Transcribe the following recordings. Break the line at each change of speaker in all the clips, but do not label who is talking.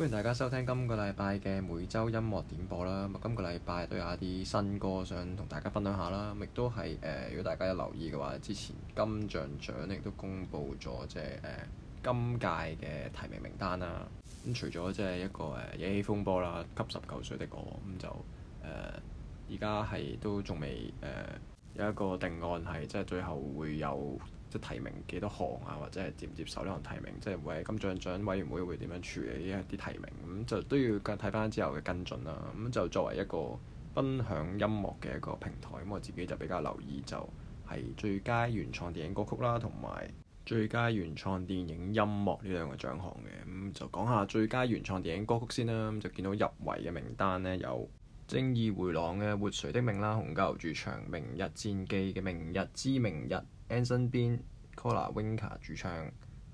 歡迎大家收聽今個禮拜嘅每周音樂點播啦。咁今個禮拜都有啲新歌想同大家分享下啦。亦都係誒、呃，如果大家有留意嘅話，之前金像獎亦都公布咗即係誒今屆嘅提名名單啦。咁、嗯、除咗即係一個誒《惹、呃、起風波》啦，《給十九歲的我》咁就誒而家係都仲未誒有一個定案係即係最後會有。即提名幾多項啊，或者係接唔接受呢項提名？即係會喺金像獎委員會會點樣處理一啲提名？咁、嗯、就都要睇翻之後嘅跟進啦。咁、嗯、就作為一個分享音樂嘅一個平台，咁、嗯、我自己就比較留意就係最佳原創電影歌曲啦，同埋最佳原創電影音樂呢兩個獎項嘅。咁、嗯、就講下最佳原創電影歌曲先啦。咁、嗯、就見到入圍嘅名單呢，有《正義回廊》嘅活水的命啦，《紅膠住牆》、《明日戰記》嘅《明日之明日》、《N 身邊》。拖拿 Winka 主唱，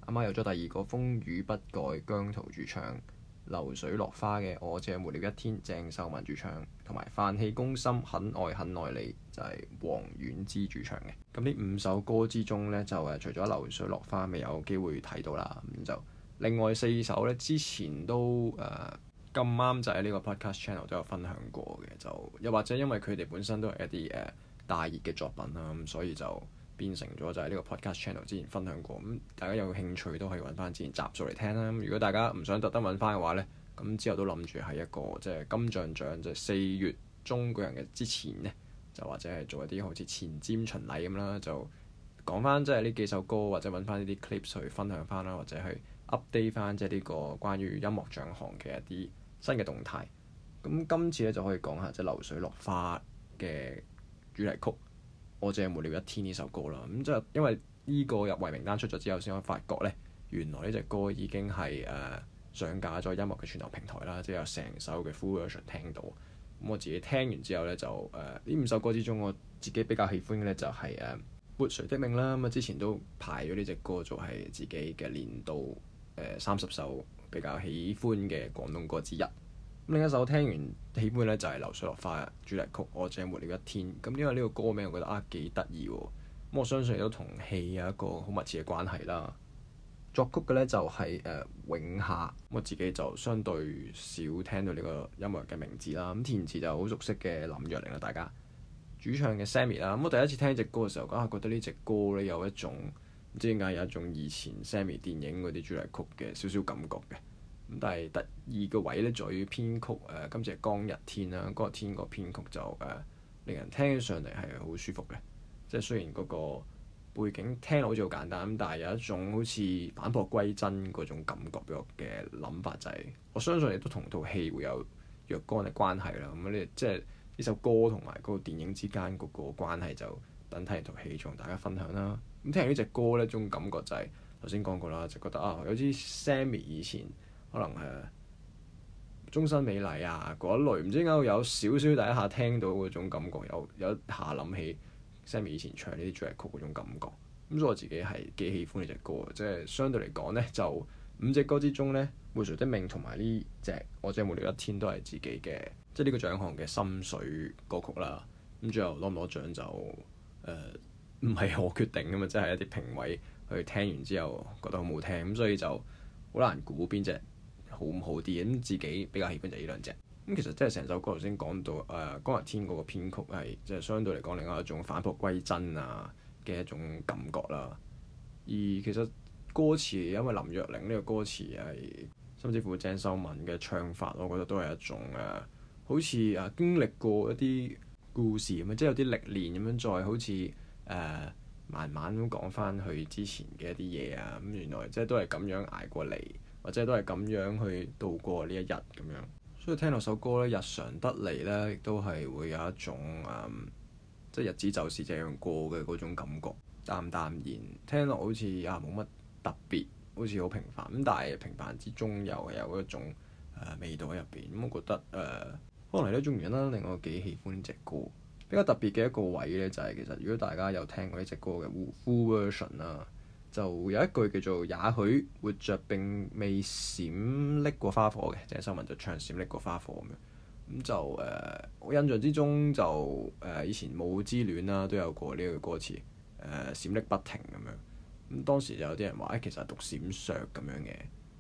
阿媽有咗第二個風雨不改，姜濤主唱，流水落花嘅我這樣活過一天，鄭秀文主唱，同埋飯戲攻心很愛很愛你就係王菀之主唱嘅。咁呢五首歌之中呢，就誒除咗流水落花未有機會睇到啦，咁就另外四首呢，之前都誒咁啱就喺呢個 Podcast Channel 都有分享過嘅，就又或者因為佢哋本身都係一啲誒、呃、大熱嘅作品啦，咁所以就。變成咗就係呢個 podcast channel，之前分享過，咁大家有興趣都可以揾翻之前集數嚟聽啦。如果大家唔想特登揾翻嘅話呢，咁之後都諗住係一個即係、即係、金像獎，即係四月中嗰人嘅之前呢，就或者係做一啲好似前瞻巡禮咁啦，就講翻即係呢幾首歌，或者揾翻呢啲 clips 去分享翻啦，或者去 update 翻即係呢個關於音樂獎項嘅一啲新嘅動態。咁今次呢，就可以講下即係流水落花嘅主題曲。我這樣活過一天呢首歌啦，咁就因為呢個入圍名單出咗之後，先我發覺呢，原來呢隻歌已經係誒、呃、上架咗音樂嘅串流平台啦，即係有成首嘅 full version 聽到。咁我自己聽完之後呢，就誒呢、呃、五首歌之中，我自己比較喜歡嘅呢、就是，就係誒活誰的命啦。咁啊之前都排咗呢隻歌做係自己嘅年度三十、呃、首比較喜歡嘅廣東歌之一。另一首聽完戲本咧就係、是《流水落花》主題曲《我這樣活過一天》。咁因為呢個歌名我覺得啊幾得意喎。咁我相信都同戲有一個好密切嘅關係啦。作曲嘅咧就係、是、誒、呃、永夏，咁我自己就相對少聽到呢個音樂人嘅名字啦。咁填詞就好熟悉嘅林若寧啦，大家主唱嘅 Sammy 啦。咁我第一次聽呢隻歌嘅時候，梗啊覺得呢隻歌咧有一種唔知點解有一種以前 Sammy 電影嗰啲主題曲嘅少少感覺嘅。咁但係得意嘅位咧，在於編曲誒、啊。今隻《江日天》啦，《江日天》個編曲就誒、啊、令人聽起上嚟係好舒服嘅。即係雖然嗰個背景聽落好似好簡單，但係有一種好似返璞歸真嗰種感覺。俾我嘅諗法就係、是、我相信亦都同套戲會有若干嘅關係啦。咁你即係呢首歌同埋嗰個電影之間嗰個關係就等睇完套戲再同大家分享啦。咁聽完呢隻歌咧，種感覺就係頭先講過啦，就覺得啊，有啲 Sammi 以前。可能係，終身美麗啊嗰一類，唔知點解會有少少第一下聽到嗰種感覺，有有一下諗起 Sammi 以前唱呢啲主題曲嗰種感覺。咁所以我自己係幾喜歡呢隻歌，即係相對嚟講呢，就五隻歌之中呢 Who’s Your Name 同埋呢隻《我這樣活過一天》都係自己嘅，即係呢個獎項嘅心水歌曲啦。咁最後攞唔攞獎就誒，唔係我決定噶嘛，即係一啲評委去聽完之後覺得好唔好聽，咁所以就好難估邊隻。好唔好啲嘅自己比較喜歡就呢兩隻咁、嗯。其實即係成首歌頭先講到誒，江若天、江逸天嗰個編曲係，即係相對嚟講另外一種返璞歸真啊嘅一種感覺啦、啊。而其實歌詞因為林若寧呢個歌詞係，甚至乎鄭秀文嘅唱法，我覺得都係一種誒、啊，好似誒、啊、經歷過一啲故事咁樣，即、就、係、是、有啲歷練咁樣，再好似誒、啊、慢慢咁講翻去之前嘅一啲嘢啊。咁原來即係都係咁樣捱過嚟。或者都係咁樣去度過呢一日咁樣，所以聽落首歌呢，日常得嚟呢，亦都係會有一種誒，即、嗯、係、就是、日子就是這樣過嘅嗰種感覺。淡淡然聽落好似啊冇乜特別，好似好平凡咁，但係平凡之中又有嗰種、呃、味道喺入邊。咁、嗯、我覺得誒，呃、可能呢一種原因啦，令我幾喜歡呢隻歌。比較特別嘅一個位呢，就係、是、其實如果大家有聽過呢隻歌嘅 Full version 啦。啊。就有一句叫做也許活著並未閃匿過花火嘅，鄭秀文就唱閃匿過花火咁樣，咁就誒、呃、我印象之中就誒、呃、以前舞之戀啦、啊、都有過呢句歌詞誒閃匿不停咁樣，咁當時就有啲人話誒、欸、其實係讀閃爍咁樣嘅，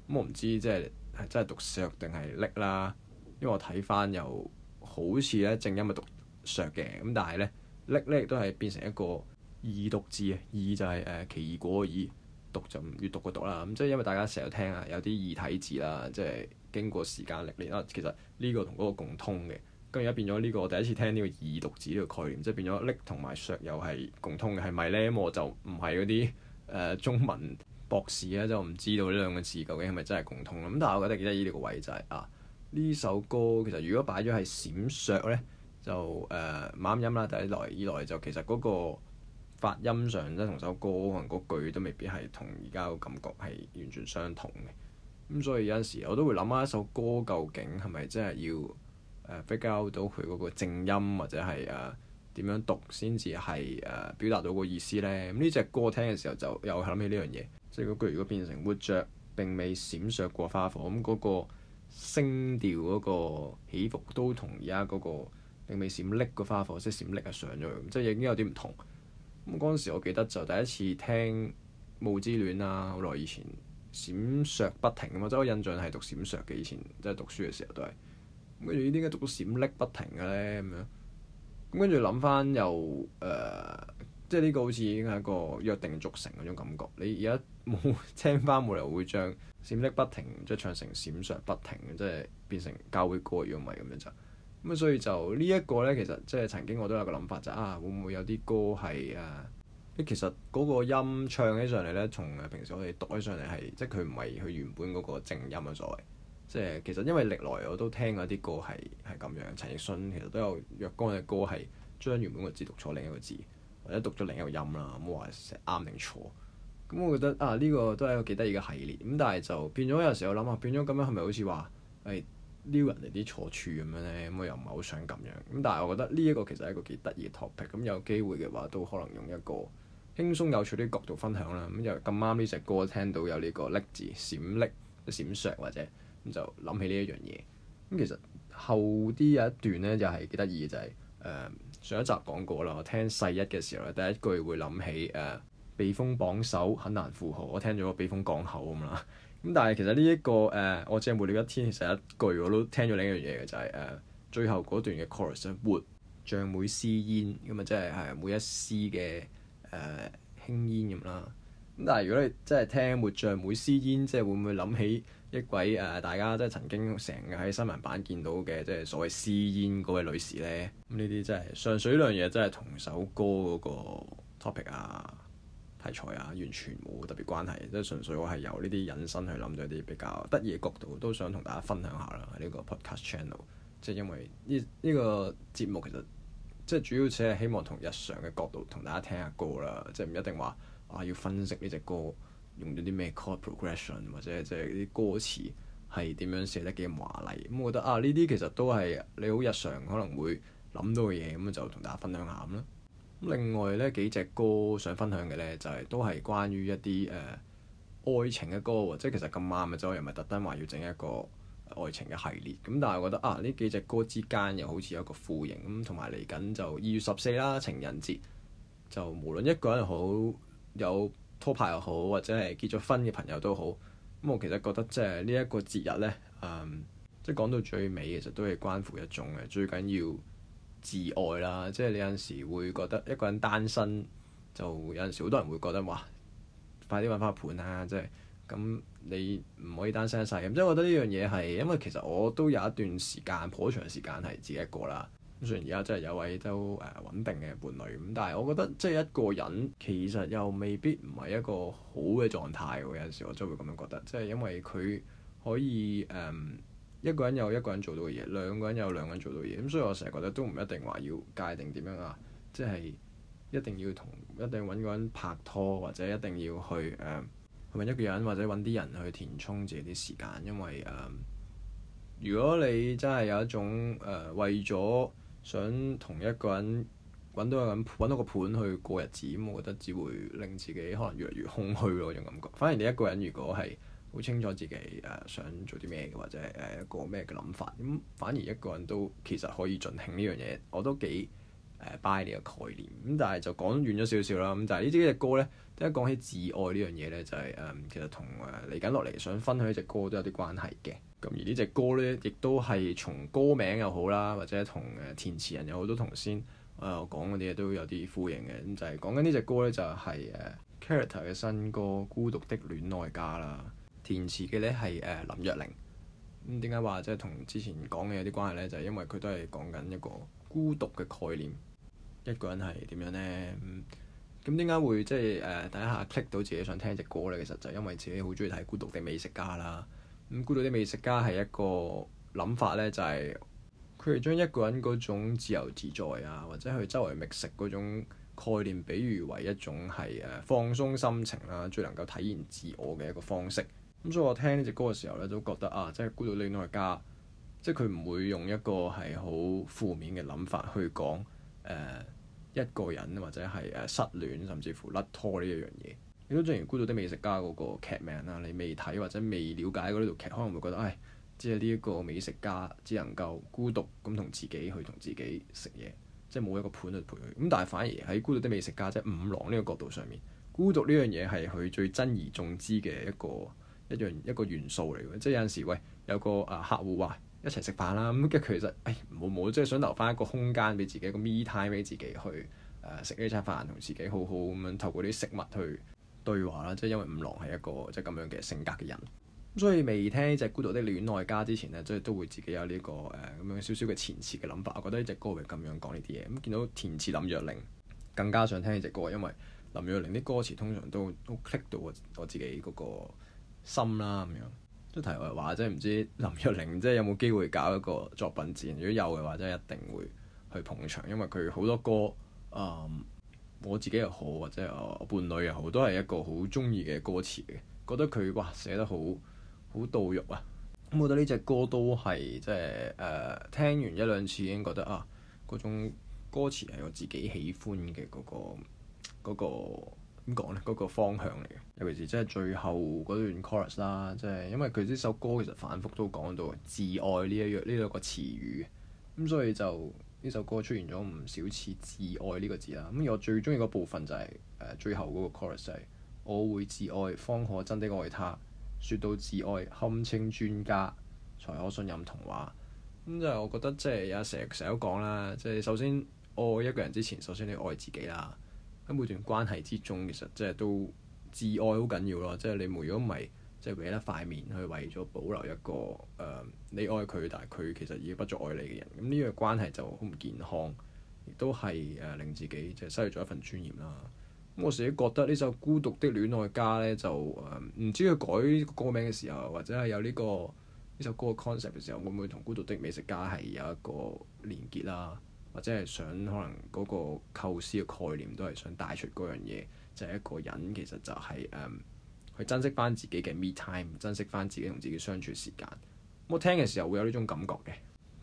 咁我唔知即係係真係讀爍定係匿啦，因為我睇返又好似咧正音係讀爍嘅，咁但係咧匿咧亦都係變成一個。異讀字啊！異就係誒奇異果嘅異讀就唔粵讀嘅讀啦。咁、嗯、即係因為大家成日聽啊，有啲異體字啦，即係經過時間歷練啦、啊。其實呢個同嗰個共通嘅。咁而家變咗呢、這個，第一次聽呢個異讀字呢個概念，即係變咗搦同埋削又係共通嘅係咪咧？咁我就唔係嗰啲誒中文博士咧，就、啊、唔知道呢兩個字究竟係咪真係共通咁、嗯、但係我覺得記得呢條位就係、是、啊，呢首歌其實如果擺咗係閃削咧，就誒啱、呃、音啦。第一來二來就其實嗰、那個。發音上咧，即同首歌可能嗰句都未必係同而家個感覺係完全相同嘅。咁所以有陣時我都會諗下一首歌究竟係咪真係要誒 figure out 到佢嗰個正音或者係誒點樣讀先至係誒表達到個意思咧？咁呢隻歌聽嘅時候就又諗起呢樣嘢，即係嗰句如果變成活着並未閃爍過花火，咁、那、嗰個聲調嗰個起伏都同而家嗰個並未閃力個花火，即係閃力係上咗，即係已經有啲唔同。咁嗰時，我記得就第一次聽《霧之戀》啦、啊，好耐以前。閃爍不停啊嘛，即我印象係讀閃爍嘅以前，即係讀書嘅時候都係。咁跟住，點解讀到閃爍不停嘅咧，咁樣。咁跟住諗翻又誒、呃，即係呢個好似已經係個約定俗成嗰種感覺。你而家冇聽返冇理由會將閃爍不停即係唱成閃爍不停，即係變成教會歌咁咪咁樣就。咁所以就呢一個呢，其實即係曾經我都有個諗法就，啊，會唔會有啲歌係誒？啲其實嗰個音唱起上嚟呢，同平時我哋讀起上嚟係，即係佢唔係佢原本嗰個正音啊，所謂。即係其實因為歷來我都聽嗰啲歌係係咁樣，陳奕迅其實都有若干嘅歌係將原本個字讀錯另一個字，或者讀咗另一個音啦。唔好話成啱定錯。咁我覺得啊，呢個都係一個幾得意嘅系列。咁但係就變咗有陣時候我諗下，變咗咁樣係咪好似話誒？哎撩人哋啲錯處咁樣呢，咁我又唔係好想咁樣。咁但係我覺得呢一個其實係一個幾得意嘅 topic。咁有機會嘅話，都可能用一個輕鬆有趣啲角度分享啦。咁就咁啱呢隻歌聽到有呢個「瀝」字，閃瀝、閃石或者咁就諗起呢一樣嘢。咁其實後啲有一段呢，又係幾得意嘅，就係、是呃、上一集講過啦。我聽細一嘅時候咧，第一句會諗起誒避、呃、風榜首，很難負荷。我聽咗個避風港口咁啦。咁但係其實呢、這、一個誒，uh, 我這樣活過一天其實一句我都聽咗另一樣嘢嘅，就係、是、誒、uh, 最後嗰段嘅 chorus 活像每絲煙咁啊、嗯，即係係每一絲嘅誒、uh, 輕煙咁啦。咁但係如果你真係聽活像每絲煙，即係會唔會諗起一位誒、uh, 大家即係曾經成日喺新聞版見到嘅即係所謂絲煙嗰位女士咧？咁呢啲真係上水呢樣嘢真係同首歌嗰個 topic 啊！題材啊，完全冇特別關係，即、就、係、是、純粹我係由呢啲引申去諗咗啲比較得意嘅角度，都想同大家分享下啦。呢、這個 podcast channel，即係、就是、因為呢呢、這個節目其實即係、就是、主要只係希望同日常嘅角度同大家聽下歌啦，即係唔一定話啊要分析呢隻歌用咗啲咩 chord progression 或者即係啲歌詞係點樣寫得幾華麗。咁我覺得啊，呢啲其實都係你好日常可能會諗到嘅嘢，咁就同大家分享下咁。另外呢幾隻歌想分享嘅呢，就係、是、都係關於一啲誒、呃、愛情嘅歌或者其實咁啱嘅，即係我又唔係特登話要整一個愛情嘅系列。咁但係我覺得啊，呢幾隻歌之間又好似有一個副型咁，同埋嚟緊就二月十四啦，情人節就無論一個人又好，有拖拍又好，或者係結咗婚嘅朋友都好。咁我其實覺得即係呢一個節日呢，嗯、即係講到最尾，其實都係關乎一種嘅最緊要。自愛啦，即係你有陣時會覺得一個人單身，就有陣時好多人會覺得哇，快啲揾翻個伴啦！即係咁，你唔可以單身一世咁，即係我覺得呢樣嘢係，因為其實我都有一段時間，頗長時間係自己一個啦。咁雖然而家真係有位都誒、呃、穩定嘅伴侶，咁但係我覺得即係一個人其實又未必唔係一個好嘅狀態。有陣時我真係會咁樣覺得，即係因為佢可以誒。呃一個人有一個人做到嘅嘢，兩個人有兩個人做到嘅嘢，咁所以我成日覺得都唔一定話要界定點樣啊，即、就、係、是、一定要同一定揾個人拍拖，或者一定要去誒揾、呃、一個人或者揾啲人去填充自己啲時間，因為誒、呃、如果你真係有一種誒、呃、為咗想同一個人揾到個人揾到個盤去過日子，咁、嗯、我覺得只會令自己可能越嚟越空虛咯，種感覺。反而你一個人如果係，好清楚自己誒、呃、想做啲咩，或者誒一個咩嘅諗法咁。反而一個人都其實可以盡興呢樣嘢，我都幾誒、呃、buy 呢個概念咁。但係就講遠咗少少啦。咁就呢隻歌咧，一講起自愛呢樣嘢咧，就係、是、誒、呃、其實同誒嚟緊落嚟想分享一隻歌都有啲關係嘅。咁而呢隻歌咧，亦都係從歌名又好啦，或者同誒、呃、填詞人又好多同先誒、呃、我講嗰啲嘢都有啲呼應嘅咁。就係、是、講緊呢隻歌咧，就係、是、誒、呃、Kerryta 嘅新歌《孤獨的戀愛家》啦。填詞嘅呢係、呃、林若寧咁點解話即係同之前講嘅有啲關係呢？就係、是、因為佢都係講緊一個孤獨嘅概念，一個人係點樣呢？咁點解會即係誒第一下 click 到自己想聽隻歌呢？其實就因為自己好中意睇《孤獨的美食家》啦。咁、嗯《孤獨的美食家》係一個諗法呢，就係佢係將一個人嗰種自由自在啊，或者去周圍覓食嗰種概念，比喻為一種係誒、啊、放鬆心情啦、啊，最能夠體現自我嘅一個方式。咁、嗯、所以我聽呢隻歌嘅時候咧，都覺得啊，即係《孤獨的戀愛家》，即係佢唔會用一個係好負面嘅諗法去講誒、呃、一個人或者係誒、呃、失戀，甚至乎甩拖呢一樣嘢。你都正如《孤獨的美食家》嗰、那個劇名啊，你未睇或者未了解嗰啲套劇，可能會覺得唉，只係呢一個美食家只能夠孤獨咁同自己去同自己食嘢，即係冇一個伴去陪佢。咁但係反而喺《孤獨的美食家》即係五郎呢個角度上面，孤獨呢樣嘢係佢最珍而重之嘅一個。一樣一個元素嚟嘅，即係有陣時，喂，有個誒客戶話一齊食飯啦，咁跟住其實，誒冇冇，即係想留翻一個空間俾自己一個 me time 俾自己去誒食呢餐飯，同自己好好咁樣透過啲食物去對話啦。即係因為五郎係一個即係咁樣嘅性格嘅人，所以未聽呢隻《孤獨的戀愛家》之前呢，即係都會自己有呢、這個誒咁、呃、樣少少嘅填詞嘅諗法。我覺得呢隻歌係咁樣講呢啲嘢。咁見到填詞林若寧更加想聽呢隻歌，因為林若寧啲歌詞通常都都 click 到我我自己嗰、那個。心啦咁樣，即係題外話，即係唔知林若寧即係有冇機會搞一個作品展？如果有嘅話，即係一定會去捧場，因為佢好多歌啊、嗯，我自己又好或者啊伴侶又好，都係一個好中意嘅歌詞嘅，覺得佢哇寫得好，好到肉啊！咁我覺得呢隻歌都係即係誒、呃，聽完一兩次已經覺得啊，嗰種歌詞係我自己喜歡嘅嗰個嗰個。那個點講呢？嗰、那個方向嚟嘅，尤其是即係最後嗰段 chorus 啦，即、就、係、是、因為佢呢首歌其實反覆都講到自愛呢一樣呢兩個詞語咁，所以就呢首歌出現咗唔少次自愛呢個字啦。咁而我最中意個部分就係、是、誒、呃、最後嗰個 chorus 係、就是、我會自愛，方可真的愛他。説到自愛，堪稱專家，才可信任童話。咁就係我覺得即係有成日成日都講啦，即、就、係、是、首先愛一個人之前，首先你要愛自己啦。喺每段關係之中，其實即係都自愛好緊要咯。即係你，如果唔係即係為一塊面去為咗保留一個誒、呃，你愛佢，但係佢其實已經不再愛你嘅人，咁呢個關係就好唔健康，亦都係誒、呃、令自己即係失去咗一份尊嚴啦。咁我自己覺得呢首《孤獨的戀愛家》咧，就誒唔、呃、知佢改歌名嘅時候，或者係有呢、呢個呢首歌嘅 concept 嘅時候，會唔會同《孤獨的美食家》係有一個連結啦？或者係想可能嗰個構思嘅概念都係想帶出嗰樣嘢，就係、是、一個人其實就係、是、誒、um, 去珍惜翻自己嘅 me time，珍惜翻自己同自己相處時間。我聽嘅時候會有呢種感覺嘅，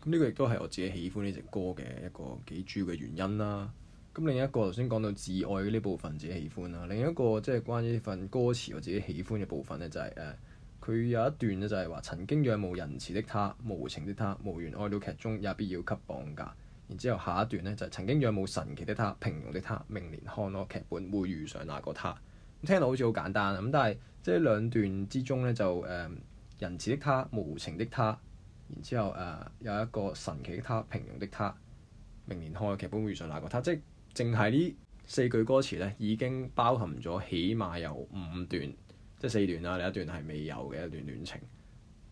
咁呢個亦都係我自己喜歡呢隻歌嘅一個幾主要嘅原因啦。咁另一個頭先講到自愛呢部分，自己喜歡啦。另一個即係、就是、關於份歌詞我自己喜歡嘅部分呢就係誒佢有一段呢，就係話曾經仰慕仁慈的他，無情的他，無緣愛到劇中，也必要給綁架。然之後下一段咧就係、是、曾經仰慕神奇的他，平庸的他，明年看咯劇本會遇上哪個他，聽落好似好簡單咁，但係即係兩段之中咧就誒仁、呃、慈的他，無情的他，然之後誒、呃、有一個神奇的他，平庸的他，明年看劇本會遇上哪個他，即係淨係呢四句歌詞咧已經包含咗起碼有五段，即係四段啦，另一段係未有嘅一段戀情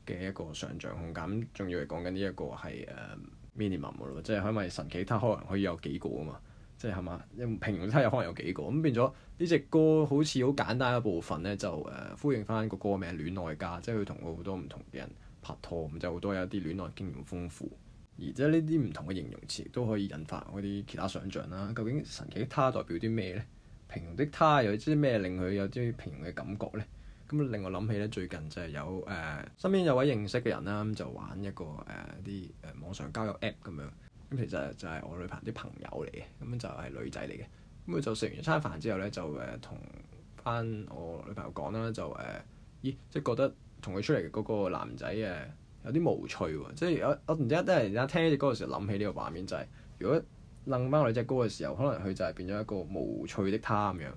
嘅一個想像空間。仲要係講緊呢一個係誒。呃 minimum 即係因為神奇他可能可以有幾個啊嘛，即係係嘛，平庸他又可能有幾個，咁變咗呢隻歌好似好簡單嘅部分咧，就誒、呃、呼應返個歌名戀愛家，即係佢同好多唔同嘅人拍拖咁，就好多有啲戀愛經驗豐富，而即係呢啲唔同嘅形容詞都可以引發我啲其他想象啦。究竟神奇他代表啲咩咧？平庸的他有啲咩令佢有啲平庸嘅感覺咧？咁令我諗起咧，最近就係有誒、呃、身邊有位認識嘅人啦，咁、嗯、就玩一個誒啲誒網上交友 app 咁樣。咁其實就係我女朋友啲朋友嚟嘅，咁、嗯、就係、是、女仔嚟嘅。咁、嗯、佢就食完餐飯之後咧，就誒同翻我女朋友講啦，就誒、呃、咦，即係覺得同佢出嚟嗰個男仔嘅、呃、有啲無趣喎。即係我我唔知一啲人而家聽呢隻歌嘅時候諗起呢個畫面，就係、是、如果擰翻我哋隻歌嘅時候，可能佢就係變咗一個無趣的他咁樣。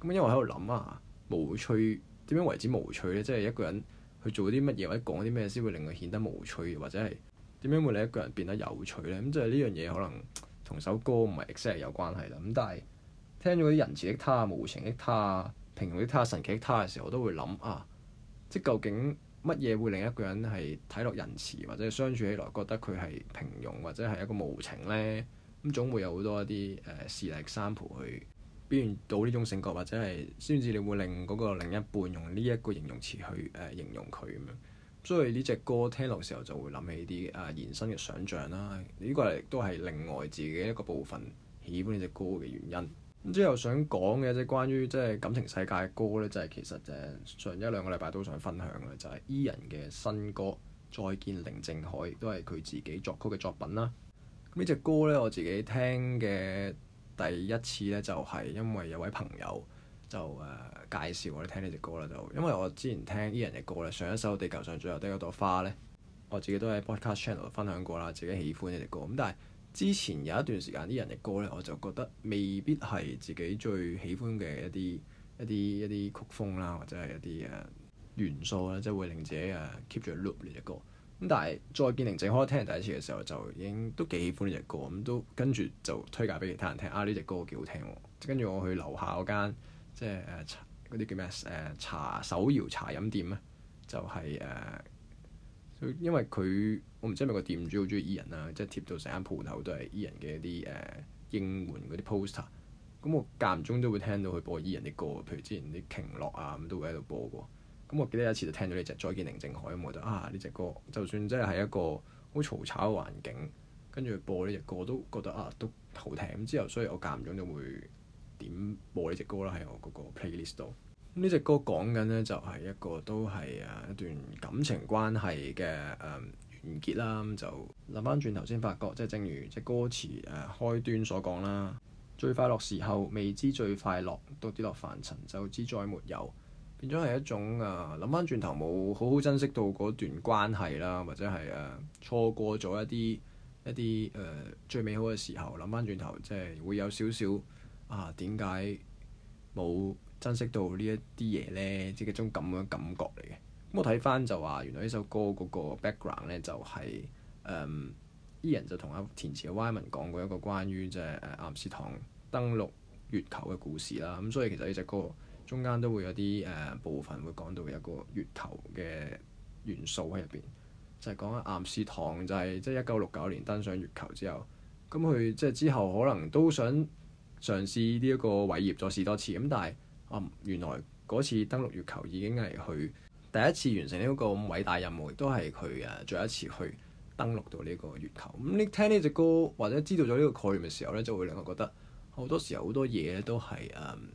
咁因為我喺度諗啊，無趣。點樣為之無趣呢？即係一個人去做啲乜嘢或者講啲咩先會令佢顯得無趣，或者係點樣會令一個人變得有趣呢？咁就係呢樣嘢可能同首歌唔係 exactly 有關係啦。咁但係聽咗啲仁慈的他、無情的他、平庸的他、神奇的他嘅時候，我都會諗啊，即究竟乜嘢會令一個人係睇落仁慈，或者相處起來覺得佢係平庸，或者係一個無情呢？咁總會有好多一啲誒事例生陪去。表現到呢種性格，或者係先至你會令嗰個另一半用呢一個形容詞去誒、呃、形容佢咁樣。所以呢隻歌聽落時候就會諗起啲誒延伸嘅想像啦。呢、呢個嚟都係另外自己一個部分喜歡呢隻歌嘅原因。之後想講嘅即隻關於即係感情世界嘅歌呢，就係、是、其實誒上一兩個禮拜都想分享嘅，就係 Ian 嘅新歌《再見寧靜海》，亦都係佢自己作曲嘅作品啦。呢隻歌呢，我自己聽嘅。第一次呢，就係因為有位朋友就誒介紹我哋聽呢隻歌啦，就因為我之前聽 Ian 嘅歌咧，上一首地球上最後都有朵花，地球上最後的一朵花呢，我自己都喺 podcast channel 分享過啦，自己喜歡呢隻歌咁。但係之前有一段時間 Ian 嘅歌呢，我就覺得未必係自己最喜歡嘅一啲一啲一啲曲風啦，或者係一啲誒元素啦，即係會令自己誒 keep 住 loop 呢隻歌。咁但係再見寧靜海聽第一次嘅時候，就已經都幾喜歡呢隻歌，咁、嗯、都跟住就推介俾其他人聽啊！呢隻歌幾好聽喎，跟住我去樓下嗰間即係誒、啊、茶嗰啲叫咩誒、啊、茶手搖茶飲店咧，就係、是、誒、啊，因為佢我唔知係咪個店主好鍾意 Ian 啊，即係貼到成間鋪頭都係 Ian 嘅啲誒應援嗰啲 poster，咁、嗯、我間唔中都會聽到佢播 Ian 啲歌，譬如之前啲鯨落啊咁都會喺度播過。咁我記得有一次就聽到呢隻《再見寧靜海》，咁覺得啊呢隻歌，就算真係喺一個好嘈吵嘅環境，跟住播呢隻歌，都覺得啊都好聽。咁之後，所以我間唔中就會點播呢隻歌啦喺我嗰個 playlist 度。呢隻歌講緊呢，就係一個都係啊一段感情關係嘅、嗯、完結啦。咁、嗯、就諗翻轉頭先發覺，即、就、係、是、正如即歌詞誒、啊、開端所講啦，最快樂時候未知最快樂，都跌落凡塵就知再沒有。變咗係一種啊，諗翻轉頭冇好好珍惜到嗰段關係啦，或者係誒、啊、錯過咗一啲一啲誒、呃、最美好嘅時候。諗翻轉頭，即係會有少少啊，點解冇珍惜到呢一啲嘢咧？即係一種咁嘅感覺嚟嘅。咁我睇翻就話，原來呢首歌嗰個 background 咧、就是，嗯 Ian、就係誒啲人就同阿填詞嘅 Wyman 講過一個關於即係誒岩士唐登陸月球嘅故事啦。咁、啊、所以其實呢隻歌，中間都會有啲誒、呃、部分會講到一個月球嘅元素喺入邊，就係、是、講岩士唐就係即係一九六九年登上月球之後，咁佢即係之後可能都想嘗試呢一個偉業再試多次，咁但係啊原來嗰次登陸月球已經係去第一次完成呢一個咁偉大任務，都係佢誒最後一次去登陸到呢個月球。咁你聽呢隻歌或者知道咗呢個概念嘅時候咧，就會令我覺得好多時候好多嘢咧都係誒、嗯、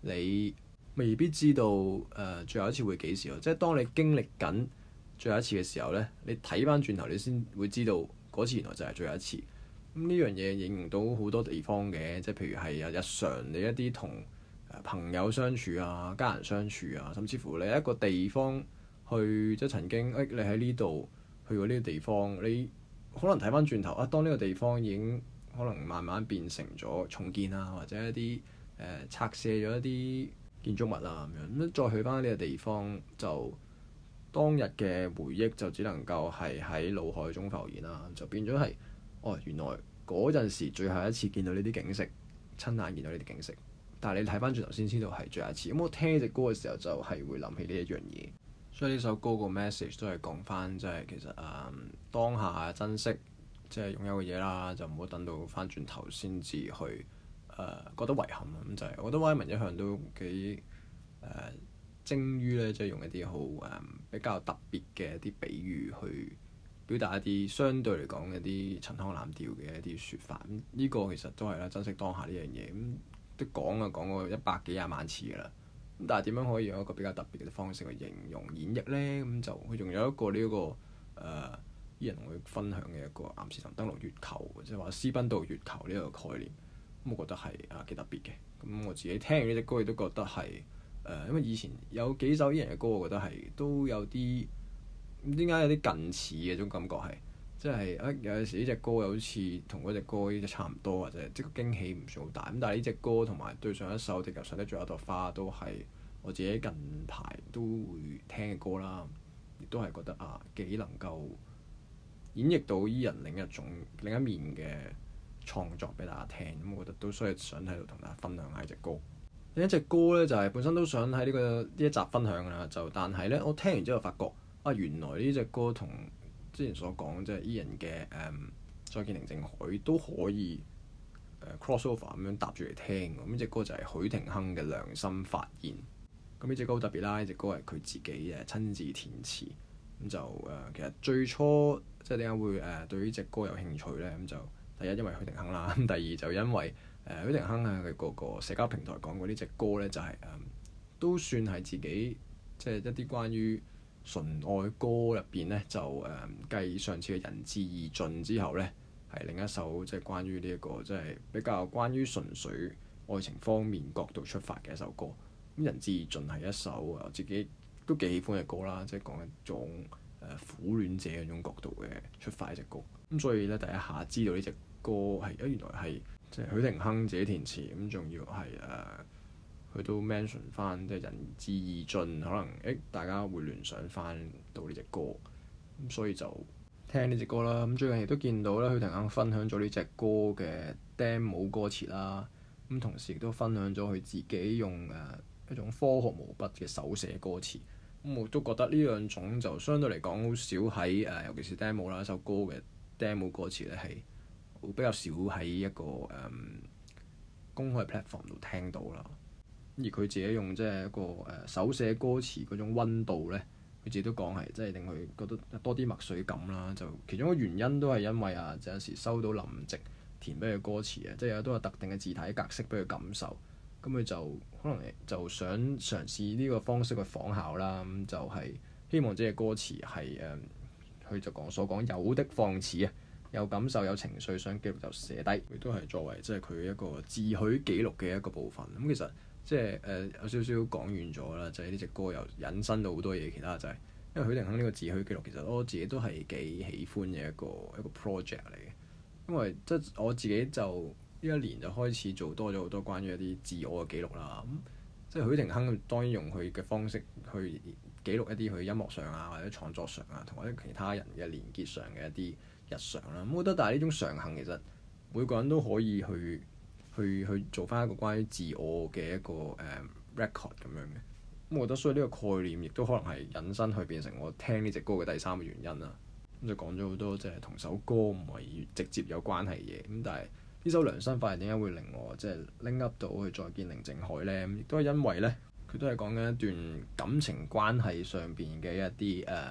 你。未必知道誒、呃、最後一次會幾時咯。即係當你經歷緊最後一次嘅時候呢，你睇翻轉頭，你先會知道嗰次原來就係最後一次。咁呢樣嘢影響到好多地方嘅，即係譬如係日常你一啲同朋友相處啊、家人相處啊，甚至乎你一個地方去即係曾經誒你喺呢度去過呢個地方，你可能睇翻轉頭啊，當呢個地方已經可能慢慢變成咗重建啊，或者一啲誒、呃、拆卸咗一啲建築物啦、啊，咁樣，咁再去翻呢個地方，就當日嘅回憶就只能夠係喺腦海中浮現啦，就變咗係哦，原來嗰陣時最後一次見到呢啲景色，親眼見到呢啲景色，但係你睇翻轉頭先知道係最後一次。咁我聽隻歌嘅時候就係會諗起呢一樣嘢，所以呢首歌個 message 都係講翻即係其實誒、嗯、當下珍惜即係、就是、擁有嘅嘢啦，就唔好等到翻轉頭先至去。誒、呃、覺得遺憾咁、嗯、就係、是，我覺得 Wyman 一向都幾誒、呃、精於咧，即、就、係、是、用一啲好誒比較特別嘅一啲比喻去表達一啲相對嚟講一啲陳腔濫調嘅一啲説法。呢、嗯、這個其實都係啦，珍惜當下呢樣嘢咁都講啊，講過一百幾廿萬次㗎啦。咁、嗯、但係點樣可以用一個比較特別嘅方式去形容演繹咧？咁、嗯、就佢仲有一個呢、這個誒啲、呃、人會分享嘅一個岩士唐登陸月球，即係話私奔到月球呢一個概念。咁我覺得係啊幾特別嘅。咁、嗯、我自己聽呢隻歌亦都覺得係誒、呃，因為以前有幾首 Ian 嘅歌，我覺得係都有啲點解、嗯、有啲近似嘅種感覺係，即、就、係、是、啊有陣時呢隻歌又好似同嗰隻歌依隻差唔多或者即個驚喜唔算好大，咁、嗯、但係呢隻歌同埋對上一首《地球上最後一朵花》都係我自己近排都會聽嘅歌啦，亦都係覺得啊幾能夠演繹到 Ian 另一種另一面嘅創作俾大家聽，咁我覺得都需要想喺度同大家分享下隻歌。另一隻歌咧就係、是、本身都想喺呢、這個呢一集分享啦，就但係咧我聽完之後發覺啊，原來呢隻歌同之前所講即係 Ian 嘅誒《再見寧靜海》都可以、呃、cross over 咁樣搭住嚟聽。咁、嗯、隻歌就係許廷鏗嘅《良心發現》。咁呢隻歌好特別啦，呢隻歌係佢自己嘅親自填詞。咁就誒、呃、其實最初即係點解會誒、呃、對呢隻歌有興趣咧？咁就第一，因為許廷鏗啦，咁第二就因為誒許廷鏗啊，佢嗰個社交平台講過呢隻歌咧就係、是、誒、嗯、都算係自己即係、就是、一啲關於純愛歌入邊咧就誒、嗯、繼上次嘅《仁至義盡》之後咧係另一首即係、就是、關於呢、這、一個即係、就是、比較關於純粹愛情方面角度出發嘅一首歌。咁《仁至義盡》係一首我自己都幾喜歡嘅歌啦，即、就、係、是、講一種誒苦戀者嗰種角度嘅出發一隻歌。咁所以咧，第一下知道呢隻歌係誒、啊，原來係即係許廷鏗自己填詞咁，仲、嗯、要係誒佢都 mention 翻，即係仁至義盡，可能誒、欸、大家會聯想翻到呢隻歌咁、嗯，所以就聽呢隻歌啦。咁、嗯、最近亦都見到咧，許廷鏗分享咗呢隻歌嘅 demo 歌詞啦。咁、嗯、同時亦都分享咗佢自己用誒、啊、一種科學毛筆嘅手寫歌詞咁、嗯，我都覺得呢兩種就相對嚟講好少喺誒、啊，尤其是 demo 啦一首歌嘅。Demo 歌詞咧係比較少喺一個誒、嗯、公開嘅 platform 度聽到啦，而佢自己用即係一個誒、呃、手寫歌詞嗰種溫度咧，佢自己都講係即係令佢覺得多啲墨水感啦，就其中個原因都係因為啊，有時收到林夕填俾佢歌詞啊，即係都有都有特定嘅字體格式俾佢感受，咁佢就可能就想嘗試呢個方式去仿效啦，咁就係、是、希望即係歌詞係誒。嗯佢就講所講有的放矢啊，有感受有情緒，想記錄就寫低，亦都係作為即係佢一個自許記錄嘅一個部分。咁、嗯、其實即係誒、呃、有少少講完咗啦，就係呢隻歌又引申到好多嘢其他就係、是，因為許廷鏗呢個自許記錄其實我自己都係幾喜歡嘅一個一個 project 嚟嘅，因為即係我自己就呢一年就開始做多咗好多關於一啲自我嘅記錄啦。咁、嗯、即係許廷鏗當然用佢嘅方式去。記錄一啲佢音樂上啊，或者創作上啊，同或者其他人嘅連結上嘅一啲日常啦、啊。咁我覺得，但係呢種常行其實每個人都可以去去去做翻一個關於自我嘅一個誒、um, record 咁樣嘅。咁我覺得，所以呢個概念亦都可能係引申去變成我聽呢隻歌嘅第三個原因啦。咁就講咗好多即係、就是、同首歌唔係直接有關係嘅嘢。咁但係呢首《良心發現》點解會令我即係拎 up 到去再見寧靜海咧？亦都係因為咧。佢都係講緊一段感情關係上邊嘅一啲誒、uh,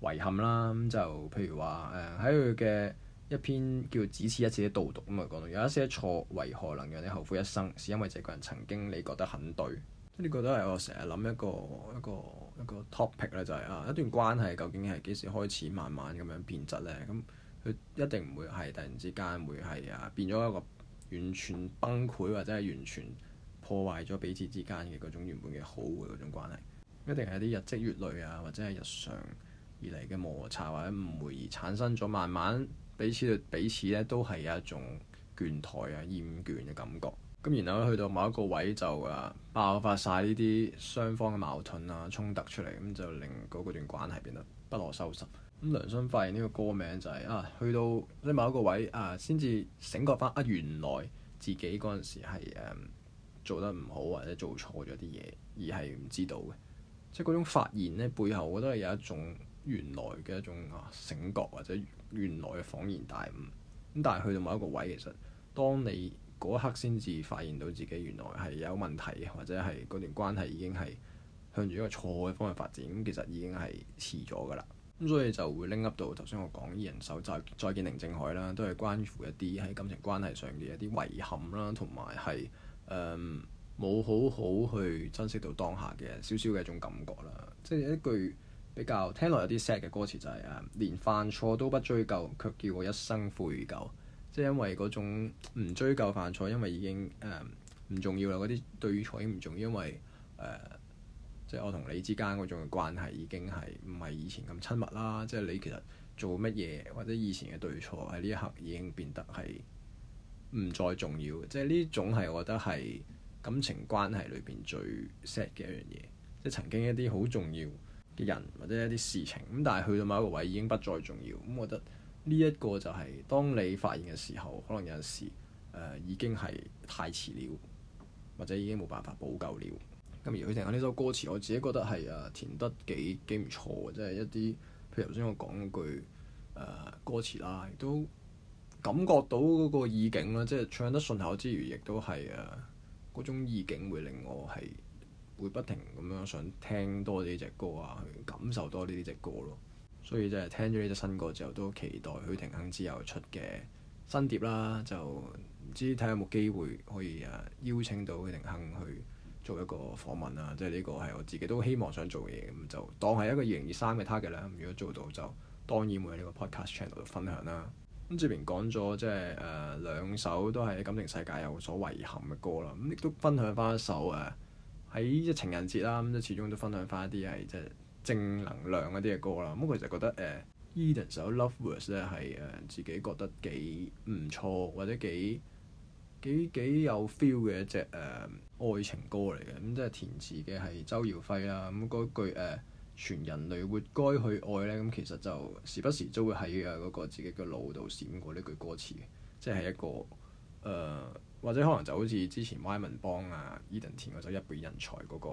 遺憾啦，咁就譬如話誒喺佢嘅一篇叫只此一次的導讀咁嚟講，就講到有一些錯為何能讓你後悔一生？是因為這個人曾經你覺得很對，呢個都係我成日諗一個一個一個,一個 topic 咧，就係啊一段關係究竟係幾時開始慢慢咁樣變質咧？咁佢一定唔會係突然之間會係啊變咗一個完全崩潰或者係完全。破壞咗彼此之間嘅嗰種原本嘅好嘅嗰種關係，一定係啲日積月累啊，或者係日常而嚟嘅摩擦或者誤會而產生咗，慢慢彼此對彼此咧都係有一種倦怠啊、厭倦嘅感覺。咁然後咧去到某一個位就誒、啊、爆發晒呢啲雙方嘅矛盾啊、衝突出嚟，咁就令嗰段關係變得不可收拾。咁良心發現呢個歌名就係、是、啊，去到某一個位啊，先至醒覺返啊，原來自己嗰陣時係做得唔好，或者做錯咗啲嘢，而係唔知道嘅，即係嗰種發現呢背後，我都係有一種原來嘅一種醒覺，或者原來嘅恍然大悟。咁但係去到某一個位，其實當你嗰一刻先至發現到自己原來係有問題，或者係嗰段關係已經係向住一個錯嘅方向發展，咁其實已經係遲咗㗎啦。咁所以就會拎 up 到，頭先我講《人手再再見，寧靜海》啦，都係關乎一啲喺感情關係上嘅一啲遺憾啦，同埋係。誒冇好好去珍惜到當下嘅少少嘅一種感覺啦，即係一句比較聽落有啲 sad 嘅歌詞就係、是、誒、嗯，連犯錯都不追究，卻叫我一生悔疚。即係因為嗰種唔追究犯錯，因為已經誒唔、嗯、重要啦。嗰啲對錯已經唔重要，因為誒、呃，即係我同你之間嗰種嘅關係已經係唔係以前咁親密啦。即係你其實做乜嘢或者以前嘅對錯喺呢一刻已經變得係。唔再重要嘅，即係呢種係我覺得係感情關係裏邊最 sad 嘅一樣嘢，即係曾經一啲好重要嘅人或者一啲事情，咁但係去到某一個位已經不再重要，咁我覺得呢一個就係當你發現嘅時候，可能有陣時誒、呃、已經係太遲了，或者已經冇辦法補救了。咁如果淨係呢首歌詞，我自己覺得係誒填得幾幾唔錯嘅，即係一啲譬如頭先我講嗰句誒、呃、歌詞啦，都。感覺到嗰個意境啦，即係唱得順口之餘，亦都係誒嗰種意境會令我係會不停咁樣想聽多呢隻歌啊，去感受多呢啲隻歌咯。所以即係聽咗呢隻新歌之後，都期待許廷鏗之後出嘅新碟啦。就唔知睇下有冇機會可以誒邀請到許廷鏗去做一個訪問啦。即係呢個係我自己都希望想做嘅嘢，咁就當係一個二零二三嘅 target 啦。如果做到就當然會喺呢個 podcast channel 度分享啦。咁即係講咗即係誒兩首都係感情世界有所遺憾嘅歌啦，咁亦都分享翻一首誒喺一情人節啦，咁即始終都分享翻一啲係即係正能量一啲嘅歌啦。咁我其實覺得誒 Edan 首《呃 e、LOVERSE》咧係誒自己覺得幾唔錯或者幾幾幾有 feel 嘅一隻誒、呃、愛情歌嚟嘅。咁、呃、即係填詞嘅係周耀輝啦。咁、嗯、句誒。呃全人類活該去愛呢，咁其實就時不時都會喺啊嗰個自己嘅腦度閃過呢句歌詞，即係一個誒、呃，或者可能就好似之前 Wyman 幫啊、e Eden 填嗰首「一輩人才嗰、那個，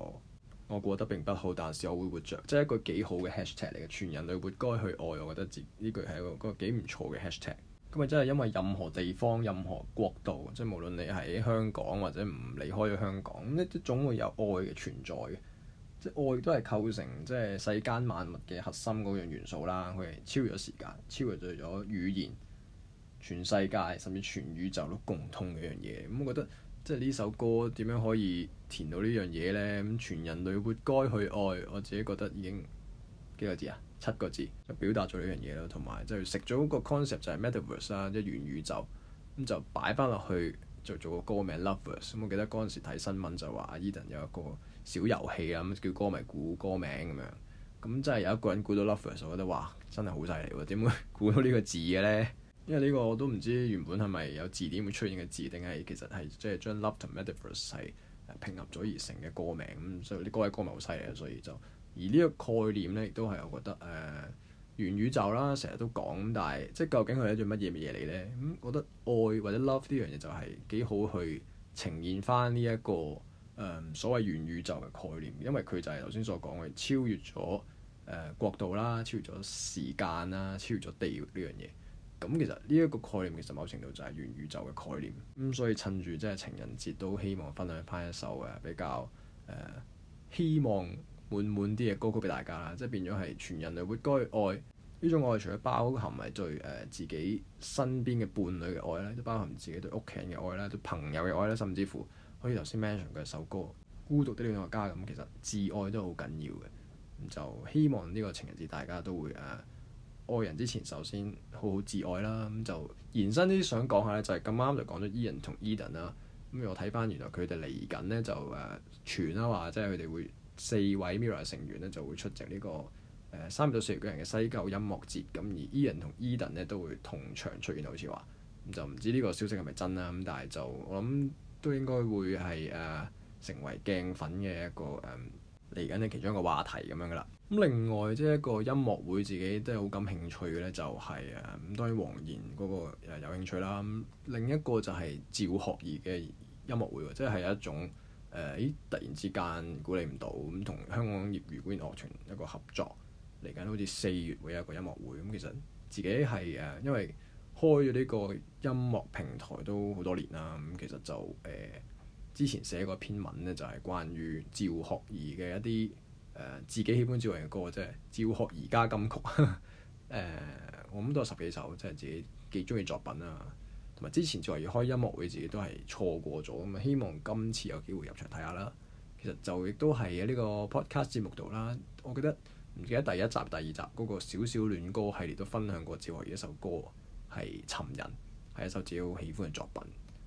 我覺得並不好，但是我會活着，即係一個幾好嘅 hashtag 嚟嘅。全人類活該去愛，我覺得自這呢句係個幾唔、那個、錯嘅 hashtag。咁啊，真係因為任何地方、任何國度，即係無論你喺香港或者唔離開咗香港，呢啲總會有愛嘅存在。即係愛都係構成即係世間萬物嘅核心嗰樣元素啦。佢係超越咗時間，超越咗語言，全世界甚至全宇宙都共通嘅一樣嘢。咁、嗯、我覺得即係呢首歌點樣可以填到呢樣嘢呢？咁全人類活該去愛。我自己覺得已經幾個字啊，七個字就表達咗呢樣嘢咯。同埋就食咗個 concept 就係 metaverse 啦，即係元宇宙。咁、嗯、就擺翻落去就做，做個歌名 LOVERSE、嗯、咁我記得嗰陣時睇新聞就話阿 Edan 有一個。小遊戲啊，咁叫歌迷估歌名咁樣，咁真係有一個人估到 LOVERSE，我覺得哇真係好犀利喎！點會估到呢個字嘅咧？因為呢個我都唔知原本係咪有字典會出現嘅字，定係其實係即係將 love 同 metaverse 係拼合咗而成嘅歌名咁，所以啲歌位歌迷好犀利啊！所以就而呢個概念咧，亦都係我覺得誒、呃，元宇宙啦，成日都講，但係即係究竟佢係一隻乜嘢嘅嘢嚟咧？咁、嗯、覺得愛或者 love 呢樣嘢就係幾好去呈現翻呢一個。嗯、所謂元宇宙嘅概念，因為佢就係頭先所講嘅超越咗誒、呃、國度啦，超越咗時間啦，超越咗地域呢樣嘢。咁、嗯、其實呢一個概念其實某程度就係元宇宙嘅概念。咁、嗯、所以趁住即係情人節，都希望分享翻一首嘅比較誒、呃、希望滿滿啲嘅歌曲俾大家啦。即係變咗係全人類活該愛呢種愛，除咗包含係對誒自己身邊嘅伴侶嘅愛咧，都包含自己對屋企人嘅愛啦，對朋友嘅愛啦，甚至乎，好似頭先 mention 嘅首歌《孤獨的戀愛家》咁，其實自愛都好緊要嘅。咁就希望呢個情人節大家都會誒、啊、愛人之前，首先好好自愛啦。咁就延伸啲想講下咧，就係咁啱就講咗 Ian 同 Edan 啦。咁、嗯、我睇翻原來佢哋嚟緊咧就誒、啊、傳啦，話即係佢哋會四位 Mirror 成員咧就會出席呢、這個誒、啊、三到四月舉行嘅西九音樂節。咁、嗯、而 Ian 同 Edan 咧都會同場出現，好似話咁就唔知呢個消息係咪真啦？咁、嗯、但係就我諗。都應該會係誒、呃、成為鏡粉嘅一個誒嚟緊嘅其中一個話題咁樣噶啦。咁另外即係、就是、一個音樂會自己都係好感興趣嘅咧、就是，就係誒咁當然黃言嗰個有興趣啦。咁另一個就係趙學而嘅音樂會即係、就是、一種誒咦、呃、突然之間估你唔到咁，同香港業餘管弦樂團一個合作嚟緊，好似四月會有一個音樂會。咁、嗯、其實自己係誒、呃、因為。開咗呢個音樂平台都好多年啦。咁其實就誒、呃、之前寫過一篇文呢，就係、是、關於趙學而嘅一啲誒、呃、自己喜歡趙學而嘅歌，即係趙學而家金曲誒，我諗、呃、都有十幾首，即係自己幾中意作品啦。同埋之前趙學而開音樂會，自己都係錯過咗咁啊。希望今次有機會入場睇下啦。其實就亦都係喺呢個 podcast 節目度啦。我記得唔記得第一集、第二集嗰、那個小小戀歌系列都分享過趙學而一首歌。係，尋人係一首自己好喜歡嘅作品。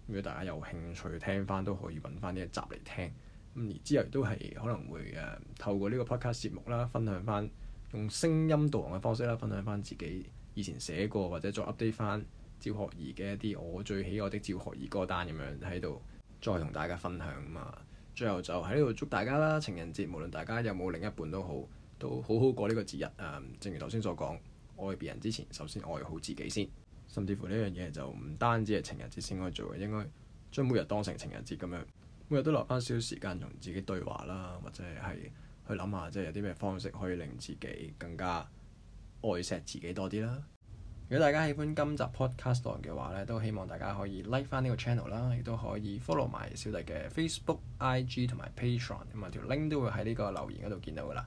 如果大家有興趣聽翻，都可以揾翻呢一集嚟聽。咁而之後都係可能會誒、嗯、透過呢個 podcast 節目啦，分享翻用聲音導航嘅方式啦，分享翻自己以前寫過或者再 update 翻趙學而嘅一啲我最喜愛的趙學而歌單咁樣，喺度再同大家分享嘛。最後就喺呢度祝大家啦，情人節，無論大家有冇另一半都好，都好好過呢個節日啊、嗯。正如頭先所講，愛別人之前，首先愛好自己先。甚至乎呢樣嘢就唔單止係情人節先可以做嘅，應該將每日當成情人節咁樣，每日都留翻少少時間同自己對話啦，或者係去諗下即係有啲咩方式可以令自己更加愛錫自己多啲啦。如果大家喜歡今集 podcast 嘅話咧，都希望大家可以 like 翻呢個 channel 啦，亦都可以 follow 埋小弟嘅 Facebook、IG 同埋 Patreon，咁啊條 link 都會喺呢個留言嗰度見到㗎啦。